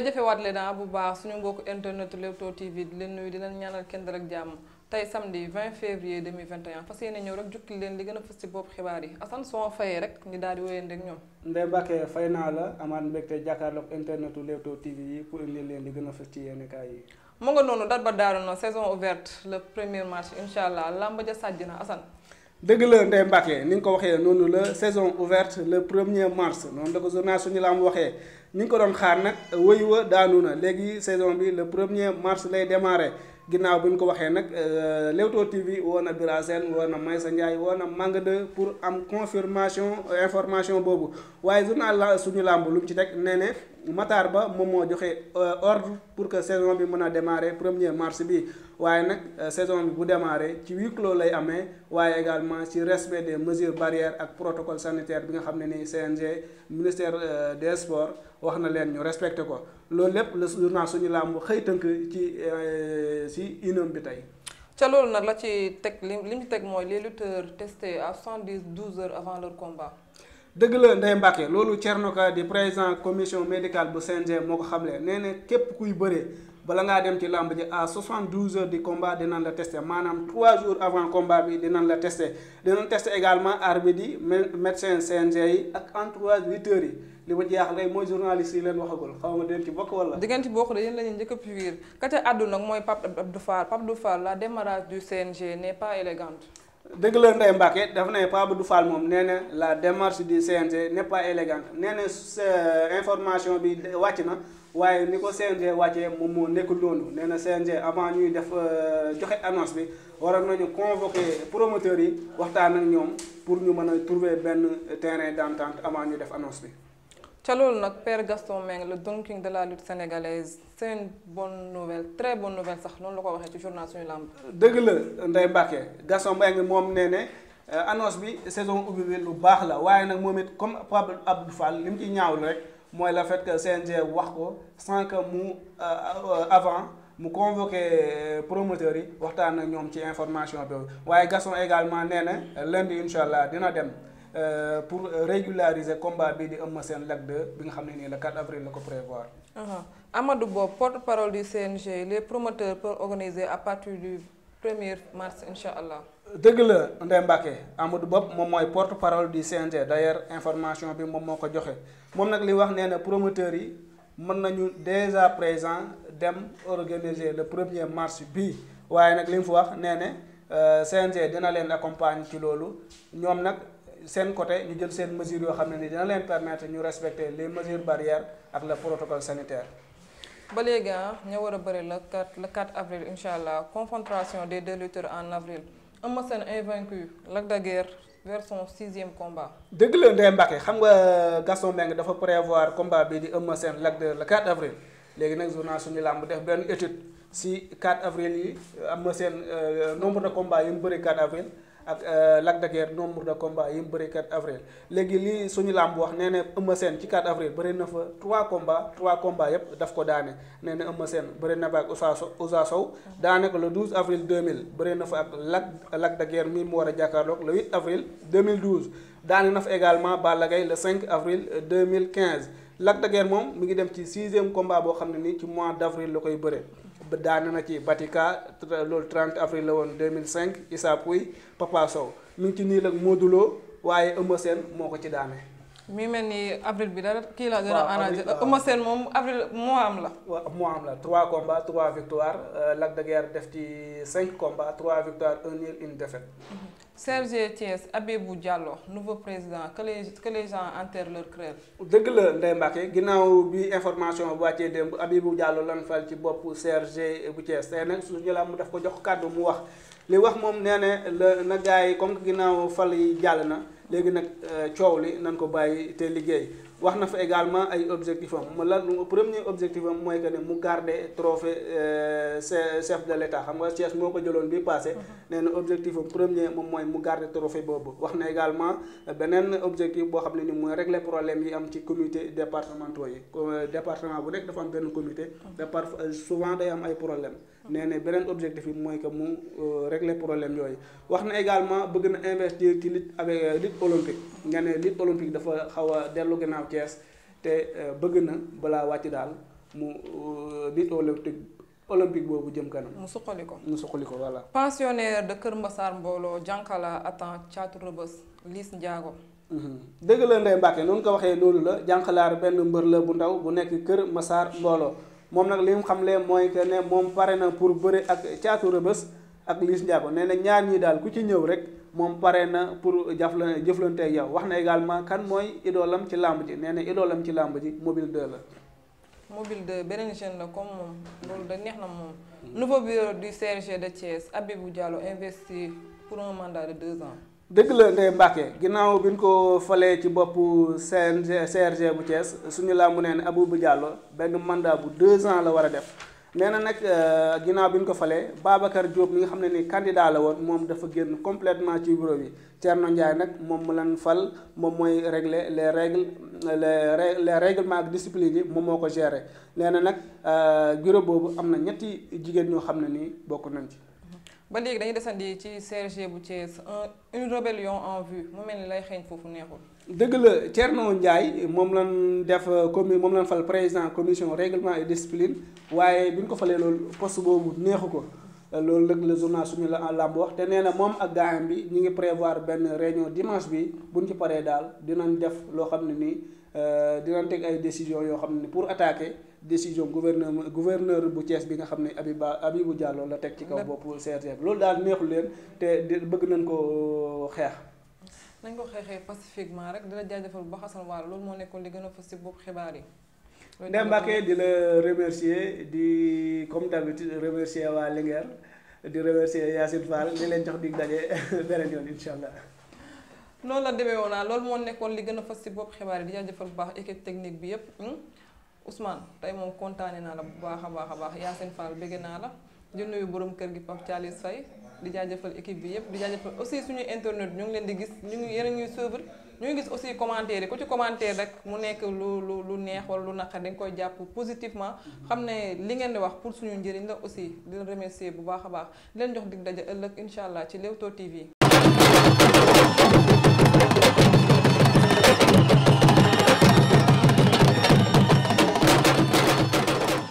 jaajëfewaat leen ah, bu baax suñu mbokk internet Leewtoo TV di leen nuyu di leen ñaanal kenn dal ak jàmm tey samedi 20 février 2021 fas yéene ñëw rek jukki leen li gën a fës ci bopp xibaar yi Assane soo fayee rek ñu daal di wéyande ak ñoom. Ndeye Mbacke fay naa la amaat mbégte jàkkaarloog internetu Leewtoo TV yi pour indi leen li gën a fës ci yenn kaay yi. mu nga noonu date ba daaru na saison ouverte le premier match incha allah lamba ja sàjj na Assane. dëgg la Ndeye Mbacke ni nga ko waxee noonu la saison ouverte le premier mars noonu la ko journal suñu la am waxee ni nga ko doon xaar nag wéy wa daanu na léegi saison bi le premier mars lay démarrer ginnaaw bi ñu ko waxee nag euh, Leewtoo TV woo na Bira Sène woo na Maysa woo na Manga 2 pour am confirmation euh, information boobu waaye journal la suñu làmb lu mu ci teg nee Matar Ba moom moo joxe euh, ordre pour que saison bi mën a démarrer première mars bi waaye nag euh, saison bu démarrer ci huis clos lay amee waaye également ci respect des mesures barrières ak protocole sanitaire bi nga xam ne ni CNG ministère euh, des sports wax na leen ñu respecté ko loolu lépp le journal suñu làmb xëy tënk ci si unoom bi tey. ca loolu nag la ci teg li li teg mooy les lutteurs testés à soixante-douze heures avant leur combat. dëgg la Ndeye Mbacke loolu Thierno Ka di président commission médicale bu CNG moo ko xamle nee na képp kuy bëree bala ngaa dem ci làmb ji à 72 heures du combat nan la testé maanaam 3 jours avant combat bi dinañ la testé dinañ testé également arbitre yi médecin CNG yi ak entourage lutteurs yi li ma jaaxle mooy journaliste yi leen waxagul xaw ma dinañ ci bokk wala. di ngeen ci bokk de yéen la ñuy njëkk a puir kat a àddu nag mooy Pape la démarrage du CNG n'est pas élégante. dëgg la Ndeye Mbacke dafa ne Pape Abdou Fall moom nee na la démarche du CNG neppa pas élégante nee na euh, information bi wàcc na waaye ni ko CNG wàccee moom moo nekkul noonu nee na CNG avant ñuy def euh, joxe annonce bi waroon nañu convoquer promoteurs yi waxtaan ak ñoom pour ñu mën a trouver benn terrain d'entente avant ñuy def annonce bi. ca loolu nag Père Gaston Mbengue le Don King de la lutte sénégalaise c'est une bonne nouvelle très bonne nouvelle sax noonu la ko waxee ci journal suñu làmb. dëgg la Ndeye Mbacke Gaston Mbengue moom nee ne euh, annonce bi saison ubbi bi lu baax la waaye nag moom it comme Pape Abdou Fall li mu ci ñaawlu rek mooy la fait que CNG wax ko sans mu euh, euh, avant mu convoqué promoteurs yi waxtaan ak ñoom ci information bi waaye Gaston également nee na lundi incha allah dina dem. Euh, pour régulariser combat bi di Eumeu Sène Lac 2 bi nga xam ne nii le 4 avril la ko prévoir. Uh-huh. Amadou Bob porte-parole du CNG les promoteurs peuvent organiser à partir du 1er mars incha allah. dëgg la Ndeye Mbacke Amadou Bob moom mooy porte-parole du CNG d'ailleurs information bi moom moo ko joxe moom nag li wax nee na promoteurs yi mën nañu dès à présent dem organiser le premier er mars bii waaye nag li mu fi wax nee na euh, CNG dina leen accompagner ci loolu ñoom nag. seen côté ñu jël seen mesures yoo xam ne ni dina leen permettre ñu respecter les mesures barrières ak le protocole sanitaire. ba léegi ah, ña war a bëri le 4 le 4 avril incha allah confrontation de deux lutteurs en avril Eumeu Sène invaincu Lac de Guiers vers son sixième combat. dëgg la Ndeye Mbacke xam nga gason Mbengue dafa prévoir combat bi di Eumeu Sène Lac la le 4 avril léegi nag journal suñu bu def benn étude si 4 avril yi Eumeu Sène euh, nombre de combats yu mu bëri 4 avril. ak euh, Lac de Guiers nombre de combats yi mu bëri 4 avril léegi lii suñu làmb wax nee na Eumeu Sène ci 4 avril bëri na fa 3 combats 3 combats yëpp daf ko daane nee na Eumeu Sène bëri na ba ak Ousa Sow Sow daane ko le 12 avril 2000 bëri na fa ak Lac Lac de Guiers mi mu war a jàkkaarloog le 8 avril 2012 daane na fa également Balla Gaye le 5 avril 2015 Lac de Guiers moom mi ngi dem ci sixième combat boo xam ne nii ci mois d' la koy bëree. daane na ci Batika loolu 30 avril la woon 2005 Issa Pouye Papa Sow mi ngi ci nii ak Modou Lo waaye Eumeu Sène moo ko ci daane. mi mel ni avril bi dara kii la dara arrangé Eumeu Sène moom avril moo am la. waaw moo am la 3 euh, de Guiers def ci 5 combats 3 victoires 1 nul une défaite. Mhm. Serge Thiès Abibou Diallo nouveau président que les que les gens enterrent leur crève. dëgg la Ndeye Mbacke ginnaaw bi information bu wàccee démb Abibou Diallo lan fal ci bopp Serge bu Thiès tey nag la mu daf ko jox kàddu mu wax li wax moom nee na la na gars yi comme ginnaaw fal yi jàll na. léegi nag euh, coow li nan ko bàyyi te liggéey wax na fa également ay objectif am mu lan premier objectif am mooy que ne mu garder trophée euh, chef de l' état xam nga Thiès moo ko jëloon bi passé mhm. nee na objectif am premier moom mooy mu garder trophée boobu wax na également euh, beneen objectif boo xam ne ni mooy régler problème yi am ci comité départementaux yi département bu nekk dafa am benn comité de mhm. par souvent day am ay problème nee na beneen objectif bi mooy que mu euh, régler problème yooyu wax na également bëgg na investir ci lutte avec euh, lutte olympique nga ne lutte olympique dafa xaw a dellu gannaaw Thiès te euh, bëgg na balaa wàcc daal mu lutte olympique. olympique boobu jëm kanam. mu suqali ko mu suqali ko voilà. pensionnaire de Kër Massar mbooloo jànkala attend caatu rëbës Liss Ndiago. Mhm. dëgg la Ndeye Mbacke noonu ko waxee loolu la jànkalaar benn mbër la bu ndaw bu nekk Kër masaar mbooloo. moom nag li mu xam le mooy que moom pare na pour bëre ak caatu rëbës ak Liss Ndiago nee na ñaar ñi daal ku ci ñëw rek moom pare na pour jafla jëflante ak yow wax na également kan mooy idoolam ci làmb ji nee na idoolam ci làmb ji mobile de la. mobile 2 beneen jeune la comme moom loolu da neex na moom. nouveau bureau du CRG de Thiès Abibou Diallo investi pour un mandat de deux ans. dëgg la Ndeye Mbacke ginnaaw bi ñu ko falee ci boppu CNG bu Thiès suñu làmb nee na Abibou Diallo benn mandat bu deux ans la war a def nee na nag euh, ginnaaw bi ñu ko falee Babacar Diop mi nga xam ne ni candidat la woon moom dafa génn complètement ci bureau bi Thierno Ndiaye nag moom mu lan fal moom mooy régler les règles les les règlements ak discipline yi moom moo ko gérer nee na nag euh, bureau boobu am na ñetti jigéen ñoo xam ne nii bokk nañ ci. ba léegi dañuy desandi ci CRG bu Thiès une rébellion en vue mu mel ni lay xeeñ foofu neexul. dëgg la Thierno Ndiaye moom lan def commi moom lañ fal président commission réglement et discipline waaye bi ñu ko falee loolu post boobu neexu ko. loolu nag la journal suñu la làmb wax te nee na moom ak gaayam bi ñu ngi prévoir benn région dimanche bi buñ ci paree daal dinañ def loo xam ne nii euh, dinañ teg ay décisions yoo xam ne nii pour attaquer. décision gouverneur gouverneur bu Thiès bi nga xam ne abi Abibou jàlloo la teg ci kaw bopp CRG bi loolu daal neexul leen te bëgg nañ ko euh, xeex nañ ko xeexee pacifiquement rek dana dina jaajëfal bu baax Assane Waalo loolu moo nekkoon li gën a fës ci bopp xibaar yi Ndeye Mbacke di la remercier di comme d'habitude remercier waa Linguère di remercier Yacine Fall di leen jox dig daje yoon incha allah. noonu la demee ah, moo nekkoon li gën a fës ci bopp xibaar yi di jaajëfal bu baax équipe technique bi yëpp. Hmm? Ousmane tey moom kontaane naa la bu baax a baax a baax Yacine Fall bëgg naa la di nuyu borom kër gi Pape Thialis Faye di jaajëfal équipe bi yëpp di jaajëfal aussi suñu internet ñu ngi leen di gis ñu ngi yéen a ñuy suivre ñu ngi gis aussi commentaire yi ku ci commentaire rek mu nekk lu lu lu neex wala lu naqar dañ koy jàpp positivement xam ne li ngeen di wax pour suñu njëriñ la aussi di leen remercier bu baax a baax di leen jox dig daje ëllëg incha allah ci Leewtoo TV.